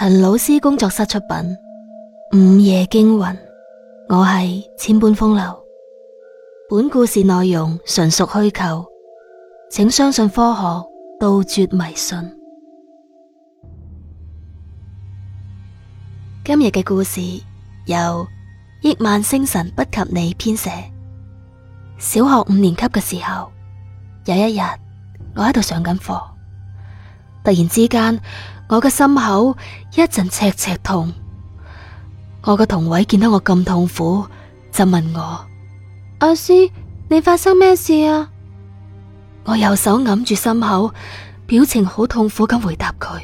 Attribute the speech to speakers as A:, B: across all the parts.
A: 陳老師工作室出品《午夜驚魂》，我係千般風流。本故事內容純屬虛構，請相信科學，杜絕迷信。今日嘅故事由億萬星辰不及你編寫。小學五年級嘅時候，有一日我喺度上緊課，突然之間。我嘅心口一陣赤赤痛，我個同位見到我咁痛苦，就問我：阿師，你發生咩事啊？我右手揞住心口，表情好痛苦咁回答佢：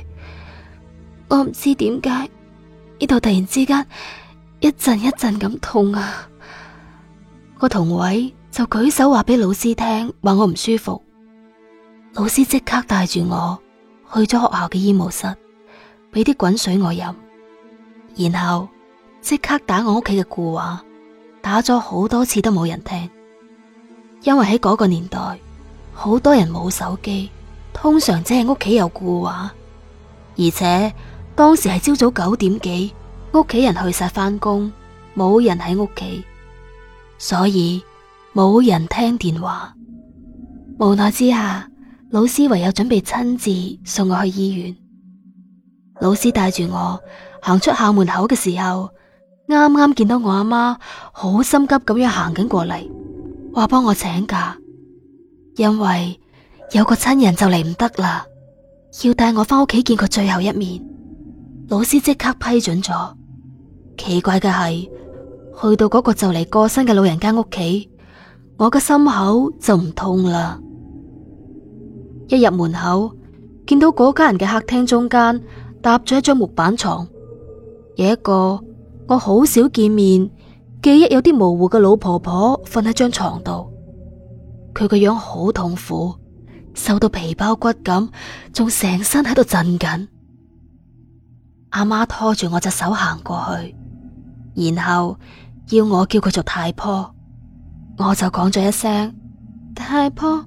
A: 我唔知點解呢度突然之間一陣一陣咁痛啊！我同位就舉手話俾老師聽，話我唔舒服，老師即刻帶住我。去咗學校嘅醫務室，俾啲滾水我飲，然後即刻打我屋企嘅固話，打咗好多次都冇人聽，因為喺嗰個年代，好多人冇手機，通常只係屋企有固話，而且當時係朝早九點幾，屋企人去晒翻工，冇人喺屋企，所以冇人聽電話，無奈之下。老師唯有準備親自送我去醫院。老師帶住我行出校門口嘅時候，啱啱見到我阿媽，好心急咁樣行緊過嚟，話幫我請假，因為有個親人就嚟唔得啦，要帶我翻屋企見佢最後一面。老師即刻批准咗。奇怪嘅係，去到嗰個就嚟過身嘅老人家屋企，我嘅心口就唔痛啦。一入門口，見到嗰家人嘅客廳中間搭咗一張木板床，有一個我好少見面、記憶有啲模糊嘅老婆婆瞓喺張床度，佢個樣好痛苦，瘦到皮包骨咁，仲成身喺度震緊。阿媽拖住我隻手行過去，然後要我叫佢做太婆，我就講咗一聲太婆。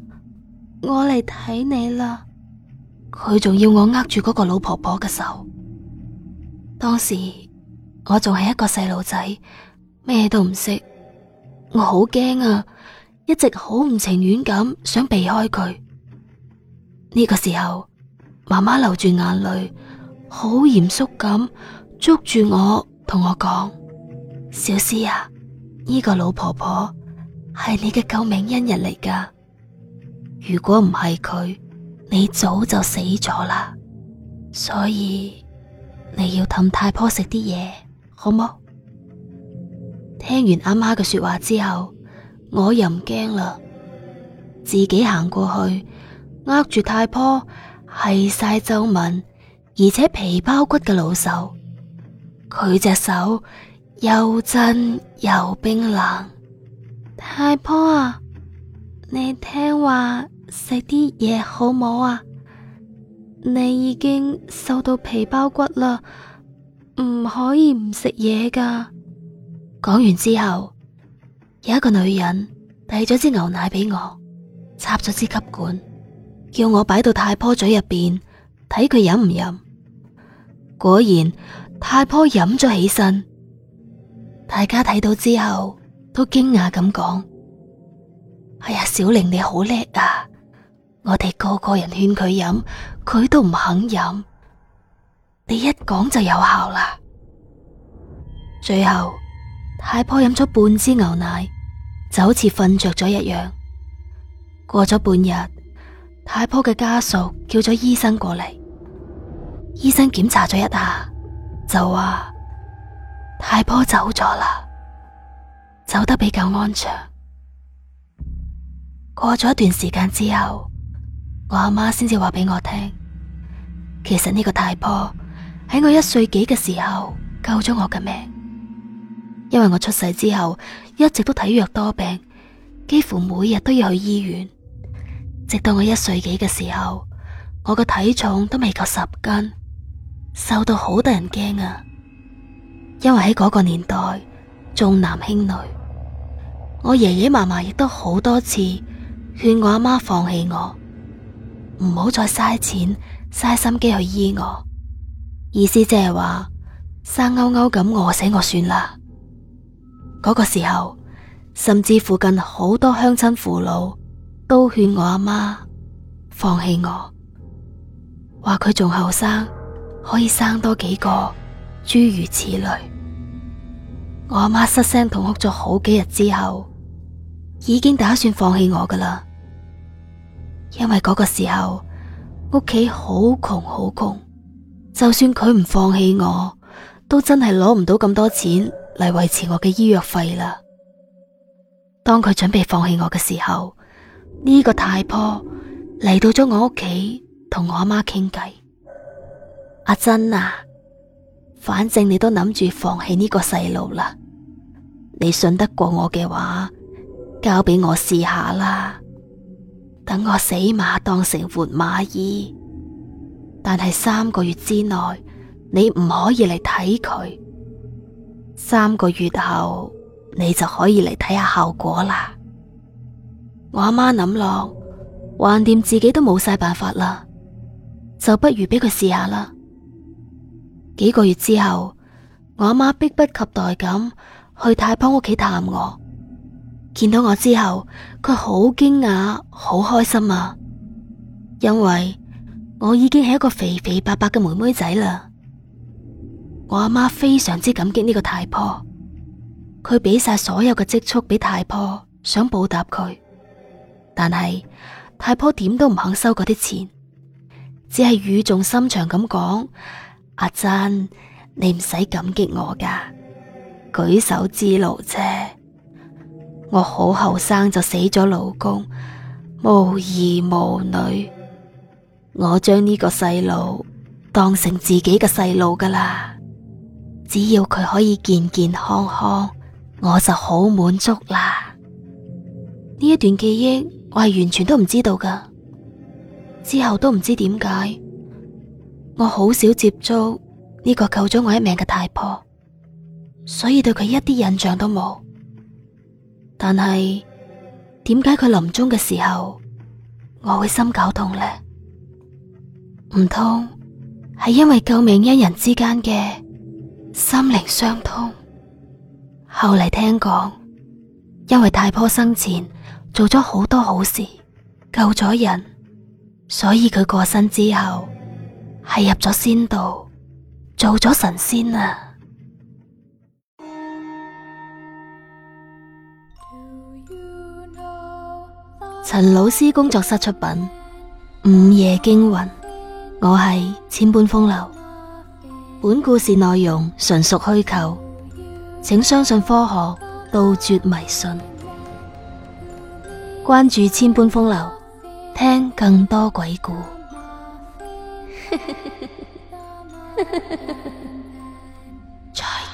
A: 我嚟睇你啦！佢仲要我握住嗰個老婆婆嘅手。當時我仲係一個細路仔，咩都唔識，我好驚啊！一直好唔情願咁想避開佢。呢個時候，媽媽流住眼淚，好嚴肅咁捉住我，同我講：小詩啊，呢個老婆婆係你嘅救命恩人嚟噶。如果唔係佢，你早就死咗啦。所以你要氹太婆食啲嘢，好冇？聽完阿媽嘅說話，話之後，我又唔驚啦，自己行過去，握住太婆係晒皺紋，而且皮包骨嘅老手，佢隻手又震又冰冷。太婆啊！你聽話食啲嘢，好冇啊！你已經瘦到皮包骨啦，唔可以唔食嘢㗎。講完之後，有一個女人遞咗支牛奶俾我，插咗支吸管，叫我擺到太婆嘴入邊，睇佢飲唔飲。果然太婆飲咗起身，大家睇到之後都驚訝咁講。哎呀，小玲你好叻啊！我哋個個人勸佢飲，佢都唔肯飲。你一講就有效啦。最後，太婆飲咗半支牛奶，就好似瞓着咗一樣。過咗半日，太婆嘅家屬叫咗醫生過嚟，醫生檢查咗一下，就話太婆走咗啦，走得比較安詳。過咗一段時間之後，我阿媽先至話俾我聽，其實呢個太婆喺我一歲幾嘅時候救咗我嘅命，因為我出世之後一直都體弱多病，幾乎每日都要去醫院。直到我一歲幾嘅時候，我個體重都未夠十斤，瘦到好得人驚啊！因為喺嗰個年代，重男輕女，我爺爺嫲嫲亦都好多次。勸我阿媽放棄我，唔好再嘥錢嘥心機去醫我，意思即係話生勾勾咁餓死我算啦。嗰個時候，甚至附近好多鄉親父老都勸我阿媽放棄我，話佢仲後生，可以生多幾個，諸如此類。我阿媽失聲痛哭咗好幾日之後，已經打算放棄我噶啦。因為嗰個時候屋企好窮好窮，就算佢唔放棄我，都真係攞唔到咁多錢嚟維持我嘅醫藥費啦。當佢準備放棄我嘅時候，呢個太婆嚟到咗我屋企同我阿媽傾偈。阿珍啊，反正你都諗住放棄呢個細路啦，你信得過我嘅話，交俾我試下啦。等我死馬當成活馬醫，但係三個月之內你唔可以嚟睇佢，三個月後你就可以嚟睇下效果啦。我阿媽諗落，橫掂自己都冇晒辦法啦，就不如俾佢試下啦。幾個月之後，我阿媽迫不及待咁去太婆屋企探我。見到我之後，佢好驚訝，好開心啊！因為我已經係一個肥肥白白嘅妹妹仔啦。我阿媽非常之感激呢個太婆，佢俾晒所有嘅積蓄俾太婆，想報答佢。但係太婆點都唔肯收嗰啲錢，只係語重心長咁講：阿珍，你唔使感激我㗎，舉手之勞啫。我好後生就死咗老公，無兒無女，我將呢個細路當成自己嘅細路噶啦，只要佢可以健健康康，我就好滿足啦。呢一段記憶我係完全都唔知道噶，之後都唔知點解，我好少接觸呢個救咗我一命嘅太婆，所以對佢一啲印象都冇。但係，點解佢臨終嘅時候我會心絞痛呢？唔通係因為救命恩人之間嘅心靈相通？後嚟聽講，因為太婆生前做咗好多好事，救咗人，所以佢過身之後係入咗仙道，做咗神仙啊！陳老師工作室出品《午夜驚魂》，我係千般風流。本故事內容純屬虛構，請相信科學，杜絕迷信。關注千般風流，聽更多鬼故。在。